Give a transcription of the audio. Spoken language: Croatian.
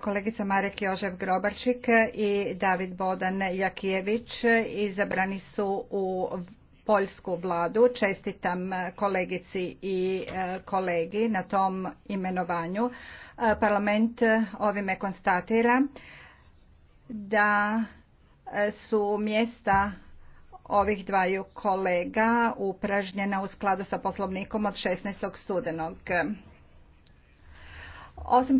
kolegica Marek Jožev Grobarčik i David Bodan Jakijević izabrani su u poljsku vladu. Čestitam kolegici i e, kolegi na tom imenovanju. E, parlament ovime konstatira da e, su mjesta ovih dvaju kolega upražnjena u skladu sa poslovnikom od 16. studenog. Osim